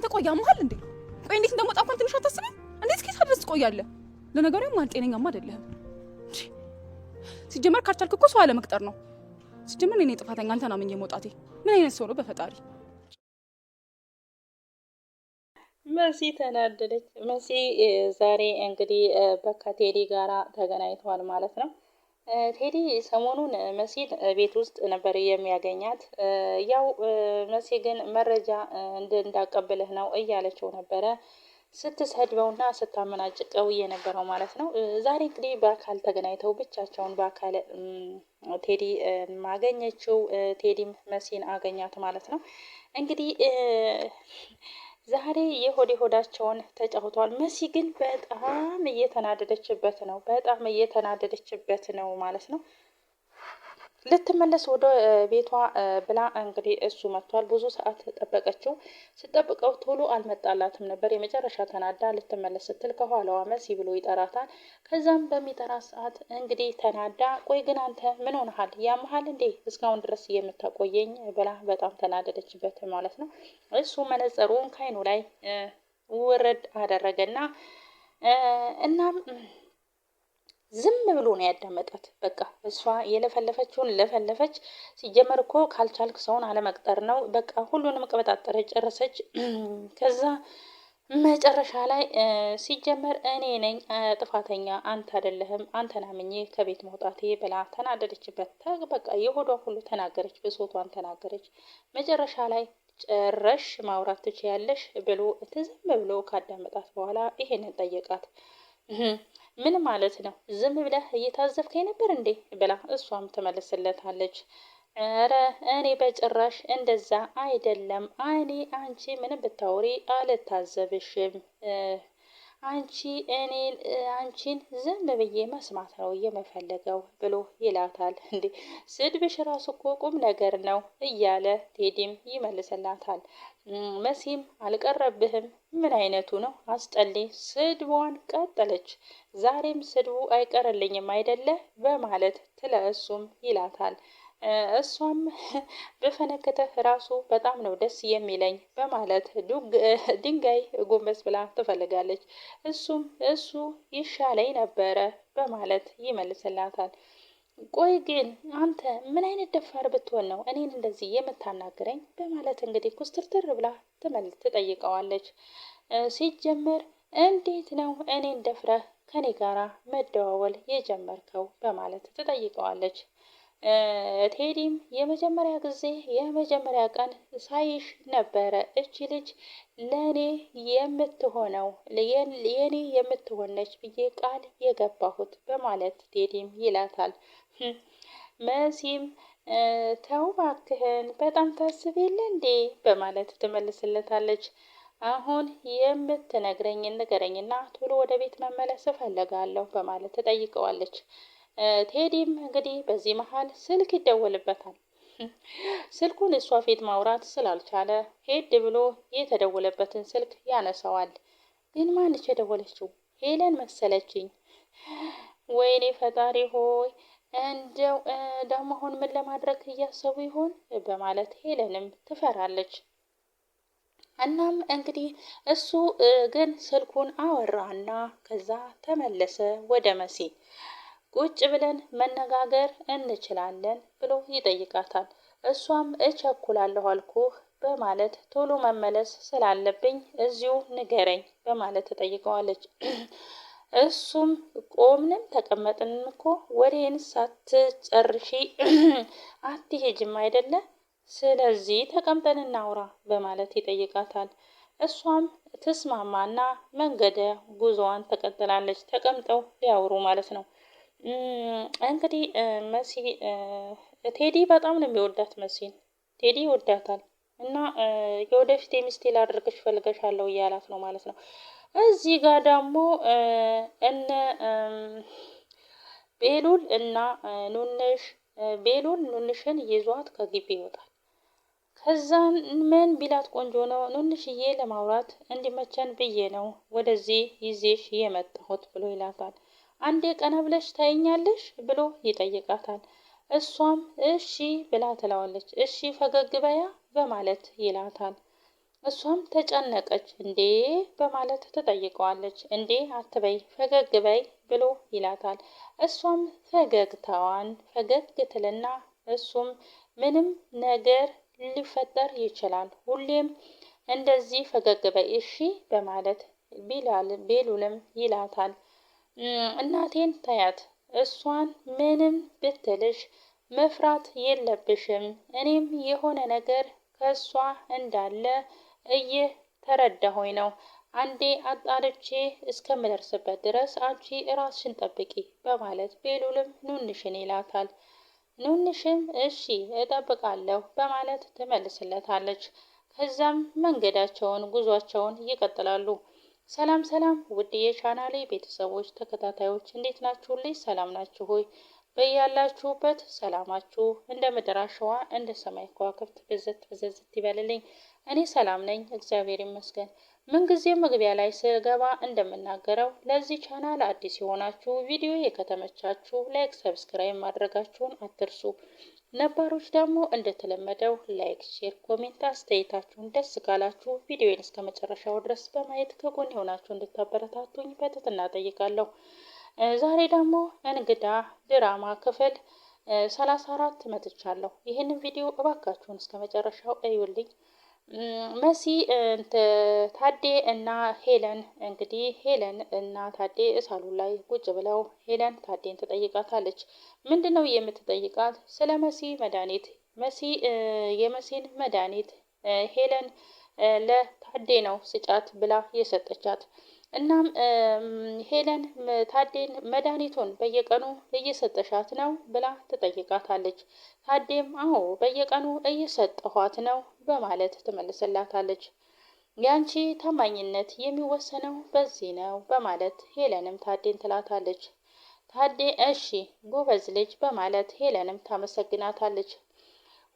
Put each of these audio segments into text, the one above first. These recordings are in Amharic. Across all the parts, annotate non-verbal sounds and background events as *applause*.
አንተ ቆይ ያመሃል እንዴ? ቆይ እንዴት እንደሞጣ እንኳን ትንሽ አታስብም? እንዴት እስኪ ድረስ ትቆያለህ? ለነገሩ ማን ጤነኛማ አይደለህም። ሲጀመር ካልቻልክ እኮ ሰው አለመቅጠር ነው። ሲጀመር እኔ ጥፋተኛ አንተን አምኜ መውጣቴ ምን አይነት ሰው ነው? በፈጣሪ መሲ ተናደደች። መሲ ዛሬ እንግዲህ በካቴሪ ጋራ ተገናኝተዋል ማለት ነው። ቴዲ ሰሞኑን መሲን ቤት ውስጥ ነበር የሚያገኛት። ያው መሲ ግን መረጃ እንዳቀብልህ ነው እያለችው ነበረ ስትሰድበውና ስታመናጭቀው እየነበረው ማለት ነው። ዛሬ እንግዲህ በአካል ተገናኝተው ብቻቸውን በአካል ቴዲ ማገኘችው ቴዲም መሲን አገኛት ማለት ነው እንግዲህ ዛሬ የሆዴ ሆዳቸውን ተጫውተዋል። መሲ ግን በጣም እየተናደደችበት ነው፣ በጣም እየተናደደችበት ነው ማለት ነው። ልትመለስ ወደ ቤቷ ብላ እንግዲህ እሱ መጥቷል። ብዙ ሰዓት ጠበቀችው። ስጠብቀው ቶሎ አልመጣላትም ነበር። የመጨረሻ ተናዳ ልትመለስ ስትል ከኋላዋ መሲ ብሎ ይጠራታል። ከዛም በሚጠራ ሰዓት እንግዲህ ተናዳ ቆይ ግን አንተ ምን ሆነሃል? ያመሃል እንዴ እስካሁን ድረስ የምታቆየኝ ብላ በጣም ተናደደችበት ማለት ነው። እሱ መነጽሩን ከአይኑ ላይ ውርድ አደረገና እናም ዝም ብሎ ነው ያዳመጣት። በቃ እሷ የለፈለፈችውን ለፈለፈች። ሲጀመር እኮ ካልቻልክ ሰውን አለመቅጠር ነው። በቃ ሁሉንም ቀበጣጠረ ጨረሰች። *clears throat* ከዛ መጨረሻ ላይ ሲጀመር እኔ ነኝ ጥፋተኛ፣ አንተ አይደለህም፣ አንተን አምኜ ከቤት መውጣቴ ብላ ተናደደችበት። በቃ የሆዷ ሁሉ ተናገረች፣ ብሶቷን ተናገረች። መጨረሻ ላይ ጨረሽ ማውራት ትችያለሽ ብሎ ትዝም ብሎ ካዳመጣት በኋላ ይሄንን ጠየቃት። ምን ማለት ነው? ዝም ብለህ እየታዘብከኝ ነበር እንዴ? ብላ እሷም ትመልስለታለች። እረ እኔ በጭራሽ እንደዛ አይደለም። እኔ አንቺ ምንም ብታወሪ አልታዘብሽም። አንቺ እኔ አንቺን ዝም ብዬ መስማት ነው የምፈልገው ብሎ ይላታል። እንዴ ስድብሽ ራሱ እኮ ቁም ነገር ነው እያለ ቴዲም ይመልስላታል። መሲም አልቀረብህም። ምን አይነቱ ነው? አስጠሌ ስድቧን ቀጠለች። ዛሬም ስድቡ አይቀርልኝም አይደለ? በማለት ትለ እሱም ይላታል። እሷም በፈነከተህ *laughs* ራሱ በጣም ነው ደስ የሚለኝ በማለት ድንጋይ ጎንበስ ብላ ትፈልጋለች። እሱም እሱ ይሻለኝ ነበረ በማለት ይመልስላታል። ቆይ ግን አንተ ምን አይነት ደፋር ብትሆን ነው እኔን እንደዚህ የምታናግረኝ? በማለት እንግዲህ ኩስትርትር ብላ ትመልስ ትጠይቀዋለች። ሲጀመር እንዴት ነው እኔን ደፍረህ ከኔ ጋራ መደዋወል የጀመርከው? በማለት ትጠይቀዋለች። ቴዲም የመጀመሪያ ጊዜ የመጀመሪያ ቀን ሳይሽ ነበረ እቺ ልጅ ለእኔ የምትሆነው የኔ የምትሆነች ብዬ ቃል የገባሁት በማለት ቴዲም ይላታል። መሲም ተው እባክህን በጣም ታስቢል እንዴ በማለት ትመልስለታለች። አሁን የምትነግረኝን ንገረኝና ቶሎ ወደ ቤት መመለስ እፈልጋለሁ በማለት ትጠይቀዋለች። ቴዲም እንግዲህ በዚህ መሀል ስልክ ይደወልበታል። *laughs* ስልኩን እሷ ፊት ማውራት ስላልቻለ ሄድ ብሎ የተደወለበትን ስልክ ያነሳዋል። ግን ማንች የደወለችው? ሄለን መሰለችኝ። ወይኔ ፈጣሪ ሆይ እንደው ደግሞ አሁን ምን ለማድረግ እያሰቡ ይሆን በማለት ሄለንም ትፈራለች። እናም እንግዲህ እሱ ግን ስልኩን አወራና ከዛ ተመለሰ ወደ መሲ። ቁጭ ብለን መነጋገር እንችላለን ብሎ ይጠይቃታል። እሷም እቸኩላለሁ አልኩህ በማለት ቶሎ መመለስ ስላለብኝ እዚሁ ንገረኝ በማለት ትጠይቀዋለች። እሱም ቆምንም ተቀመጥንም እኮ ወሬን ሳትጨርሺ ህጅም *clears throat* አይደለ? ስለዚህ ተቀምጠን እናውራ በማለት ይጠይቃታል። እሷም ትስማማና መንገደ ጉዞዋን ተቀጥላለች። ተቀምጠው ሊያወሩ ማለት ነው። እንግዲህ መሲ ቴዲ በጣም ነው የሚወዳት መሲን። ቴዲ ይወዳታል እና የወደፊት የሚስቴ ላደርግሽ ፈልገሻለሁ እያላት ነው ማለት ነው። እዚህ ጋር ደግሞ እነ ቤሉል እና ኑንሽ ቤሉል ኑንሽን ይዟት ከግቢ ይወጣል። ከዛን ምን ቢላት ቆንጆ ነው ኑንሽዬ ለማውራት እንዲመቸን ብዬ ነው ወደዚህ ይዜሽ የመጣሁት ብሎ ይላታል። አንዴ ቀና ብለሽ ታይኛለሽ ብሎ ይጠይቃታል። እሷም እሺ ብላ ትለዋለች። እሺ ፈገግ በያ በማለት ይላታል። እሷም ተጨነቀች። እንዴ በማለት ትጠይቀዋለች። እንዴ አትበይ ፈገግ በይ ብሎ ይላታል። እሷም ፈገግታዋን ፈገግ ትልና እሱም ምንም ነገር ሊፈጠር ይችላል፣ ሁሌም እንደዚህ ፈገግ በይ እሺ በማለት ቤሉንም ይላታል። እናቴን ታያት እሷን ምንም ብትልሽ መፍራት የለብሽም እኔም የሆነ ነገር ከእሷ እንዳለ እየተረዳሁኝ ነው። አንዴ አጣርቼ እስከምደርስበት ድረስ አንቺ ራስሽን ጠብቂ በማለት ቤሉልም ኑንሽን ይላታል። ኑንሽም እሺ እጠብቃለሁ በማለት ትመልስለታለች። ከዛም መንገዳቸውን ጉዟቸውን ይቀጥላሉ። ሰላም ሰላም! ውድ የቻናሌ ቤተሰቦች ተከታታዮች እንዴት ናችሁልኝ? ሰላም ናችሁ ሆይ? በያላችሁበት ሰላማችሁ እንደ ምድር አሸዋ እንደ ሰማይ ከዋክብት ብዝት ብዝዝት ይበልልኝ። እኔ ሰላም ነኝ፣ እግዚአብሔር ይመስገን። ምንጊዜ መግቢያ ላይ ስገባ እንደምናገረው ለዚህ ቻናል አዲስ የሆናችሁ ቪዲዮ የከተመቻችሁ ላይክ፣ ሰብስክራይብ ማድረጋችሁን አትርሱ። ነባሮች ደግሞ እንደተለመደው ላይክ፣ ሼር፣ ኮሜንት አስተያየታችሁን ደስ ካላችሁ ቪዲዮን እስከ መጨረሻው ድረስ በማየት ከጎን የሆናችሁ እንድታበረታቱኝ በትህትና እጠይቃለሁ። ዛሬ ደግሞ እንግዳ ድራማ ክፍል ሰላሳ አራት መጥቻለሁ። ይህንን ቪዲዮ እባካችሁን እስከ መጨረሻው እዩልኝ። መሲ ታዴ እና ሄለን እንግዲህ ሄለን እና ታዴ ሳሎን ላይ ቁጭ ብለው ሄለን ታዴን ትጠይቃታለች። ምንድን ነው የምትጠይቃት? ስለ መሲ መድኃኒት መሲ የመሲን መድኃኒት ሄለን ለታዴ ነው ስጫት ብላ የሰጠቻት እናም ሄለን ታዴን መድኃኒቱን በየቀኑ እየሰጠሻት ነው ብላ ትጠይቃታለች። ታዴም አዎ በየቀኑ እየሰጠኋት ነው በማለት ትመልስላታለች። ያንቺ ታማኝነት የሚወሰነው በዚህ ነው በማለት ሄለንም ታዴን ትላታለች። ታዴ እሺ ጎበዝ ልጅ በማለት ሄለንም ታመሰግናታለች።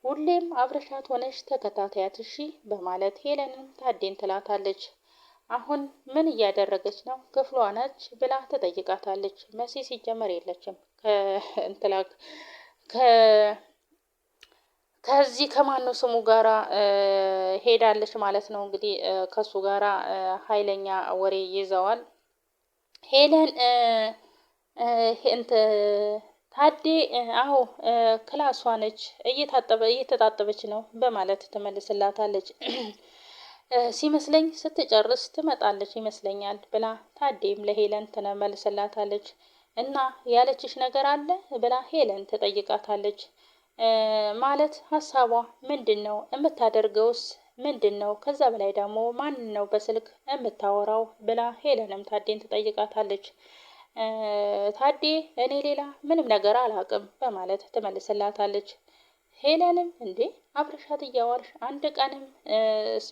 ሁሌም አብረሻት ሆነሽ ተከታታያት እሺ በማለት ሄለንም ታዴን ትላታለች። አሁን ምን እያደረገች ነው? ክፍሏ ነች ብላ ትጠይቃታለች። መሲ ሲጀመር የለችም ከእንትላ ከዚህ ከማኑ ስሙ ጋራ ሄዳለች ማለት ነው። እንግዲህ ከሱ ጋራ ኃይለኛ ወሬ ይዘዋል። ሄለን ታዴ አዎ ክላሷ ነች እየታጠበ እየተጣጠበች ነው በማለት ትመልስላታለች። ሲመስለኝ ስትጨርስ ትመጣለች ይመስለኛል ብላ ታዴም ለሄለን ትመልስላታለች። እና ያለችሽ ነገር አለ ብላ ሄለን ትጠይቃታለች። ማለት ሀሳቧ ምንድን ነው? የምታደርገውስ ምንድን ነው? ከዛ በላይ ደግሞ ማን ነው በስልክ የምታወራው ብላ ሄለንም ታዴን ትጠይቃታለች። ታዴ እኔ ሌላ ምንም ነገር አላውቅም በማለት ትመልስላታለች። ሄለንም እንዴ አብረሻት እያዋልሽ አንድ ቀንም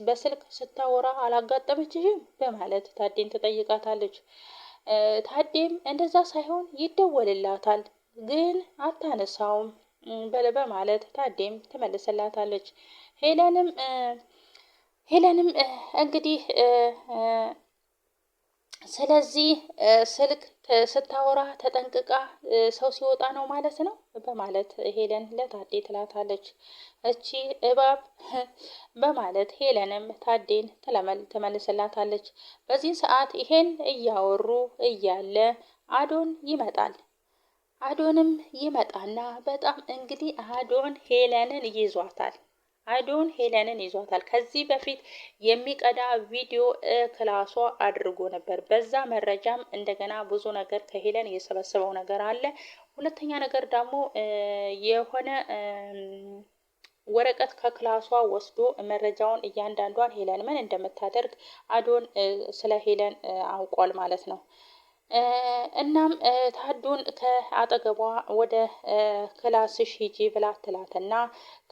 በስልክ ስታወራ አላጋጠመችሽም? በማለት ታዴን ትጠይቃታለች። ታዴም እንደዛ ሳይሆን ይደወልላታል ግን አታነሳውም በማለት ታዴም ትመልስላታለች። ሄለንም ሄለንም እንግዲህ ስለዚህ ስልክ ስታወራ ተጠንቅቃ ሰው ሲወጣ ነው ማለት ነው በማለት ሄለን ለታዴ ትላታለች። እቺ እባብ *laughs* በማለት ሄለንም ታዴን ትመልስላታለች። በዚህ ሰዓት ይሄን እያወሩ እያለ አዶን ይመጣል። አዶንም ይመጣና በጣም እንግዲህ አዶን ሄለንን ይዟታል። አዶን ሄለንን ይዟታል። ከዚህ በፊት የሚቀዳ ቪዲዮ ክላሷ አድርጎ ነበር። በዛ መረጃም እንደገና ብዙ ነገር ከሄለን የሰበሰበው ነገር አለ። ሁለተኛ ነገር ደግሞ የሆነ ወረቀት ከክላሷ ወስዶ መረጃውን እያንዳንዷን ሄለን ምን እንደምታደርግ አዶን ስለ ሄለን አውቋል ማለት ነው። እናም ታዱን ከአጠገቧ ወደ ክላስሽ ሂጂ ብላ ትላትና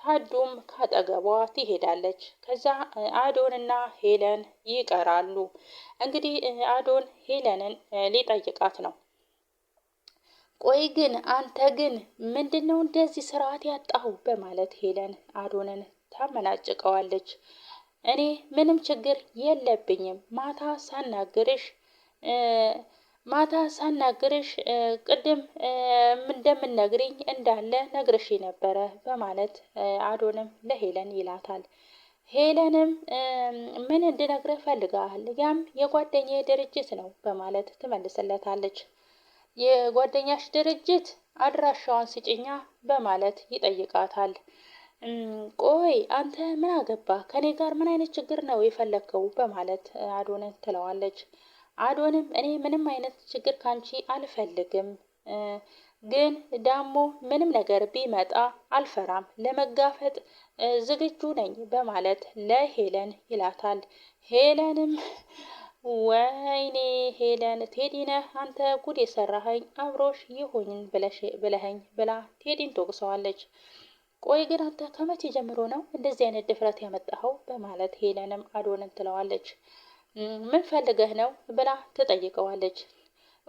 ታዱም ካጠገቧ ትሄዳለች። ከዛ እና ሄለን ይቀራሉ። እንግዲህ አዶን ሄለንን ሊጠይቃት ነው። ቆይ ግን አንተ ግን ምንድን ነው እንደዚህ ስርዓት ያጣሁ? በማለት ሄለን አዶንን ታመናጭቀዋለች። እኔ ምንም ችግር የለብኝም ማታ ሳናግርሽ ማታ ሳናግርሽ ቅድም እንደምነግርኝ እንዳለ ነግርሽ ነበረ በማለት አዶንም ለሄለን ይላታል። ሄለንም ምን እንድነግርህ ፈልጋል፣ ያም የጓደኛ ድርጅት ነው በማለት ትመልስለታለች። የጓደኛሽ ድርጅት አድራሻዋን ስጭኛ በማለት ይጠይቃታል። ቆይ አንተ ምን አገባ ከኔ ጋር ምን አይነት ችግር ነው የፈለግከው? በማለት አዶንን ትለዋለች። አዶንም እኔ ምንም አይነት ችግር ካንቺ አልፈልግም፣ ግን ዳሞ ምንም ነገር ቢመጣ አልፈራም፣ ለመጋፈጥ ዝግጁ ነኝ በማለት ለሄለን ይላታል። ሄለንም ወይኔ ሄለን ቴዲነ አንተ ጉድ የሰራኸኝ አብሮሽ ይሁን ብለኸኝ ብላ ቴዲን ትወቅሰዋለች። ቆይ ግን አንተ ከመቼ ጀምሮ ነው እንደዚህ አይነት ድፍረት ያመጣኸው? በማለት ሄለንም አዶንን ትለዋለች። ምን ፈልገህ ነው ብላ ትጠይቀዋለች።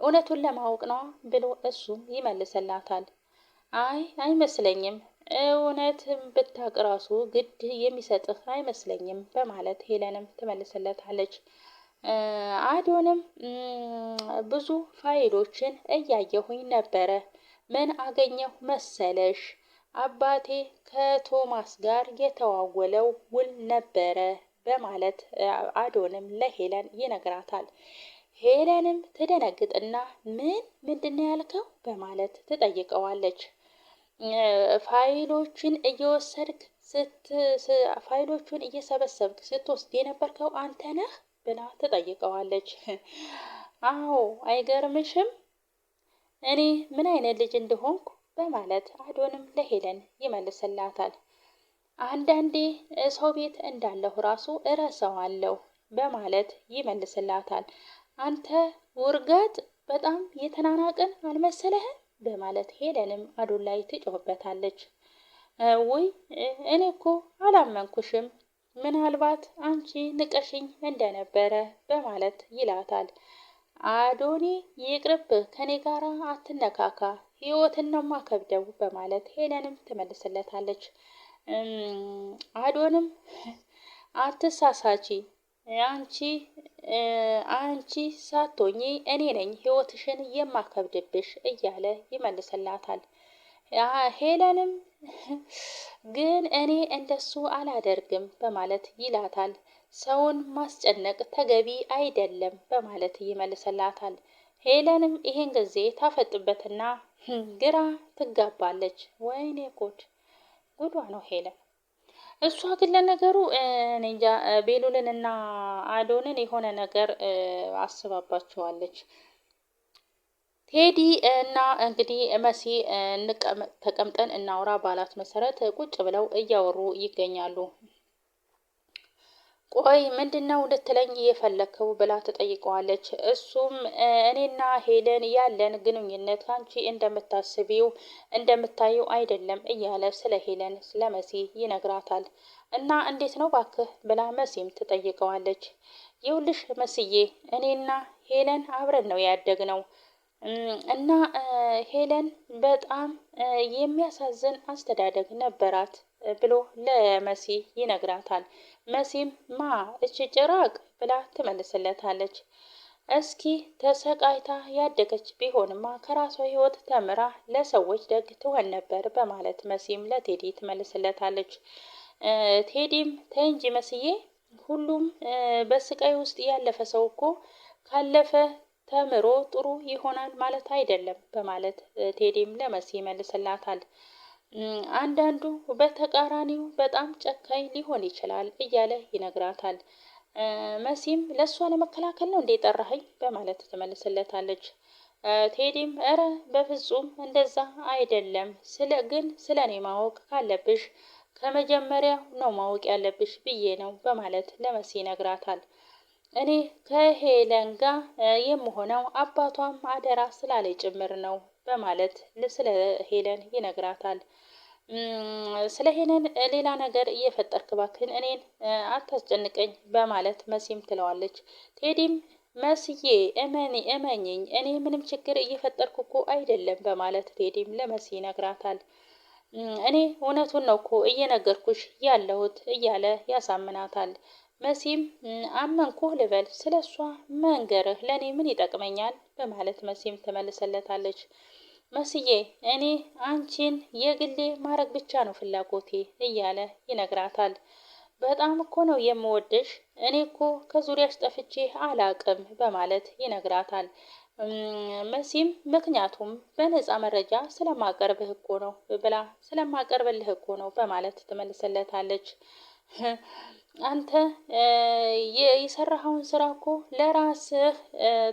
እውነቱን ለማወቅ ነው ብሎ እሱም ይመልስላታል። አይ አይመስለኝም፣ እውነትም ብታቅ ራሱ ግድ የሚሰጥህ አይመስለኝም በማለት ሄለንም ትመልስለታለች። አዶንም ብዙ ፋይሎችን እያየሁኝ ነበረ። ምን አገኘሁ መሰለሽ? አባቴ ከቶማስ ጋር የተዋወለው ውል ነበረ በማለት አዶንም ለሄለን ይነግራታል። ሄለንም ትደነግጥና ምን ምንድነው ያልከው በማለት ትጠይቀዋለች። ፋይሎችን እየወሰድክ ፋይሎቹን እየሰበሰብክ ስትወስድ የነበርከው አንተ ነህ ብላ ትጠይቀዋለች። *laughs* አዎ አይገርምሽም እኔ ምን አይነት ልጅ እንደሆንኩ በማለት አዶንም ለሄለን ይመልስላታል። አንዳንዴ ሰው ቤት እንዳለሁ ራሱ እረሳዋለሁ በማለት ይመልስላታል። አንተ ውርጋጥ በጣም የተናናቅን አልመሰለህም በማለት ሄለንም አዶን ላይ ትጮህበታለች። ውይ እኔ እኮ አላመንኩሽም ምናልባት አንቺ ንቀሽኝ እንደነበረ በማለት ይላታል። አዶኒ ይቅርብ፣ ከኔ ጋር አትነካካ፣ ህይወትን ነው ማከብደው በማለት ሄለንም ትመልስለታለች። አዶንም አትሳሳቺ አንቺ አንቺ ሳትሆኚ እኔ ነኝ ህይወትሽን የማከብድብሽ እያለ ይመልስላታል። ሄለንም ግን እኔ እንደሱ አላደርግም በማለት ይላታል። ሰውን ማስጨነቅ ተገቢ አይደለም በማለት ይመልስላታል። ሄለንም ይሄን ጊዜ ታፈጥበትና ግራ ትጋባለች። ወይኔ ጉድ ጉዷ ነው ሄለን። እሷ ግን ለነገሩ እኔ እንጃ ቤሉልን እና አዶንን የሆነ ነገር አስባባቸዋለች። ቴዲ እና እንግዲህ መሲ ተቀምጠን እናውራ ባላት መሰረት ቁጭ ብለው እያወሩ ይገኛሉ። ቆይ ምንድን ነው ልትለኝ የፈለከው ብላ ትጠይቀዋለች። እሱም እኔና ሄለን ያለን ግንኙነት አንቺ እንደምታስቢው እንደምታየው አይደለም እያለ ስለ ሄለን ስለ መሲ ይነግራታል። እና እንዴት ነው ባክህ ብላ መሲም ትጠይቀዋለች። ይውልሽ መስዬ እኔና ሄለን አብረን ነው ያደግነው እና ሄለን በጣም የሚያሳዝን አስተዳደግ ነበራት ብሎ ለመሲ ይነግራታል። መሲም ማ እች ጭራቅ ብላ ትመልስለታለች። እስኪ ተሰቃይታ ያደገች ቢሆንማ ከራሷ ሕይወት ተምራ ለሰዎች ደግ ትሆን ነበር በማለት መሲም ለቴዲ ትመልስለታለች። ቴዲም ተይ እንጂ መስዬ፣ ሁሉም በስቃይ ውስጥ ያለፈ ሰው እኮ ካለፈ ተምሮ ጥሩ ይሆናል ማለት አይደለም በማለት ቴዲም ለመሲ ይመልስላታል። አንዳንዱ በተቃራኒው በጣም ጨካኝ ሊሆን ይችላል እያለ ይነግራታል። መሲም ለእሷ ለመከላከል ነው እንዴ ጠራኸኝ በማለት ትመልስለታለች። ቴዲም እረ በፍጹም እንደዛ አይደለም፣ ስለ ግን ስለ እኔ ማወቅ ካለብሽ ከመጀመሪያ ነው ማወቅ ያለብሽ ብዬ ነው በማለት ለመሲ ይነግራታል። እኔ ከሄለን ጋር የምሆነው አባቷም አደራ ስላለ ጭምር ነው በማለት ስለ ሄለን ይነግራታል። ስለ ሄለን ሌላ ነገር እየፈጠርክ እባክህን እኔን አታስጨንቀኝ በማለት መሲም ትለዋለች። ቴዲም መስዬ እመኒ እመኝኝ እኔ ምንም ችግር እየፈጠርኩ እኮ አይደለም በማለት ቴዲም ለመሲ ይነግራታል። እኔ እውነቱን ነው እኮ እየነገርኩሽ ያለሁት እያለ ያሳምናታል። መሲም አመንኩህ ልበል፣ ስለ እሷ መንገርህ ለእኔ ምን ይጠቅመኛል? በማለት መሲም ትመልሰለታለች። መስዬ እኔ አንቺን የግሌ ማድረግ ብቻ ነው ፍላጎቴ እያለ ይነግራታል። በጣም እኮ ነው የምወድሽ፣ እኔ እኮ ከዙሪያሽ ጠፍቼ አላቅም በማለት ይነግራታል። መሲም ምክንያቱም በነፃ መረጃ ስለማቀርብህ እኮ ነው ብላ ስለማቀርብልህ እኮ ነው በማለት ትመልሰለታለች። አንተ የሰራኸውን ስራ እኮ ለራስህ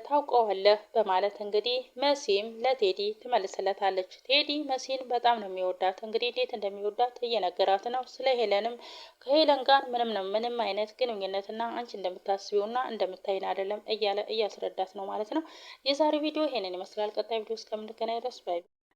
ታውቀዋለህ በማለት እንግዲህ መሲም ለቴዲ ትመልስለታለች። ቴዲ መሲን በጣም ነው የሚወዳት። እንግዲህ እንዴት እንደሚወዳት እየነገራት ነው። ስለ ሄለንም ከሄለን ጋር ምንም ነው ምንም አይነት ግንኙነትና አንቺ እንደምታስቢውና እንደምታይን አይደለም እያለ እያስረዳት ነው ማለት ነው። የዛሬ ቪዲዮ ይሄንን ይመስላል። ቀጣይ ቪዲዮ እስከምንገናኝ ድረስ ባይ